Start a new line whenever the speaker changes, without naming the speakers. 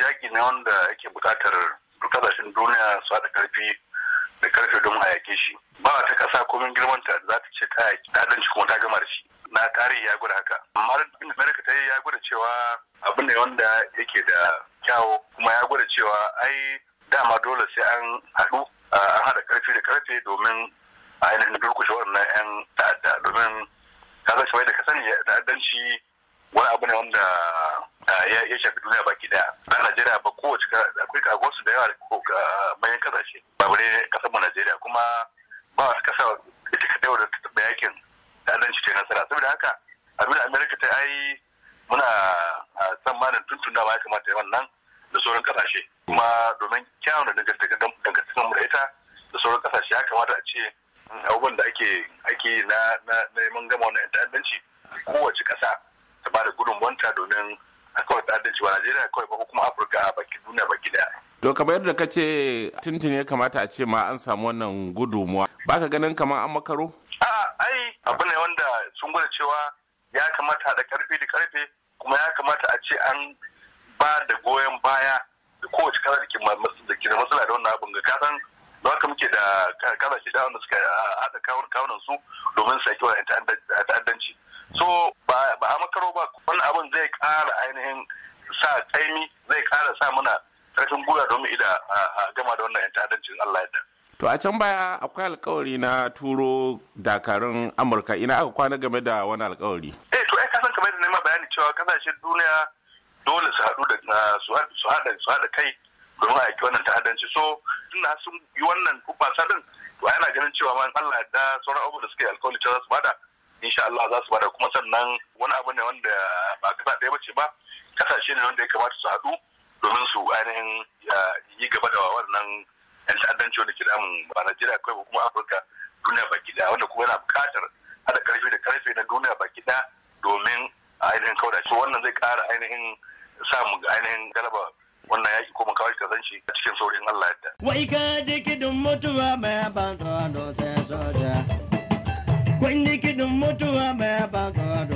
yaƙi ne wanda yake buƙatar duk ƙasashen duniya su haɗa ƙarfi da ƙarfe don a yaƙe shi ba ta ƙasa komin ta za ta ce ta yaƙi ta ci kuma ta gama da shi na tarihi ya gwada haka amma abin amerika ta yi ya gwada cewa abin ne wanda yake da kyawo kuma ya gwada cewa ai dama dole sai an haɗu an haɗa ƙarfi da ƙarfe domin a yanayin durkushe waɗannan 'yan ta'adda domin ka zai da ka sani ta'addanci na Najeriya ba kowace akwai kagosu da yawa da manyan kasashe ba bare kasar mu Najeriya kuma ba wasu kasa ita ka da taɓa yakin ta'addanci ta nasara saboda haka abin da Amerika ta yi muna tsammanin tuntunawa ya kamata yawan nan da sauran kasashe kuma domin kyawun da dangantakan mu da ita da sauran kasashe ya kamata a ce mm, abubuwan da ake ake na neman gama wani ta'addanci kowace kasa ta ba da gudunmuwanta domin kawai ta'addanci ba najeriya kawai ba kuma afirka a baki
duniya baki daya to kamar yadda ka ce tuntun ya kamata a ce ma an samu wannan gudunmuwa ba ka ganin kamar an makaro a ai abu ne wanda
sun gwada cewa ya kamata da karfe da karfe kuma ya kamata a ce an ba da goyon baya da kowace kasa da ke da matsala da wannan abin ga kasan da haka muke da kasashe da wanda suka haɗa kawunan su domin su yaki wa ta'addanci ƙara ainihin sa kaimi zai ƙara sa muna ƙarfin gura domin ida a gama da wannan 'yan ta'addancin Allah ya
To a can baya akwai alkawari na turo dakarun Amurka ina aka kwana game da wani alkawari.
Eh to ai ka san kamar da nema bayani cewa kasashen duniya dole su haɗu da su haɗa su haɗa kai domin a yi wannan ta'addanci so tunda sun yi wannan kubasa din to ana ganin cewa in Allah da sauran abubuwa da suke alkawari cewa za su bada insha Allah za su bada kuma sannan wani abu ne wanda ba kasa ɗaya bace ba kasashe ne wanda ya kamata su haɗu domin su ainihin yi gaba da wannan yan ta'addanci wanda ke damun ba Najeriya kawai ba kuma Afirka duniya baki ɗaya wanda kuma yana buƙatar haɗa karfe da karfe na duniya baki ɗaya domin ainihin kawai da shi wannan zai ƙara ainihin samun ainihin galaba wannan yaƙi ko makawai ka zan shi a cikin saurin Allah yadda.
Wai ka kidin
mutuwa mai ban tsoro sai soja. Kun kidin mutuwa mai ban tsoro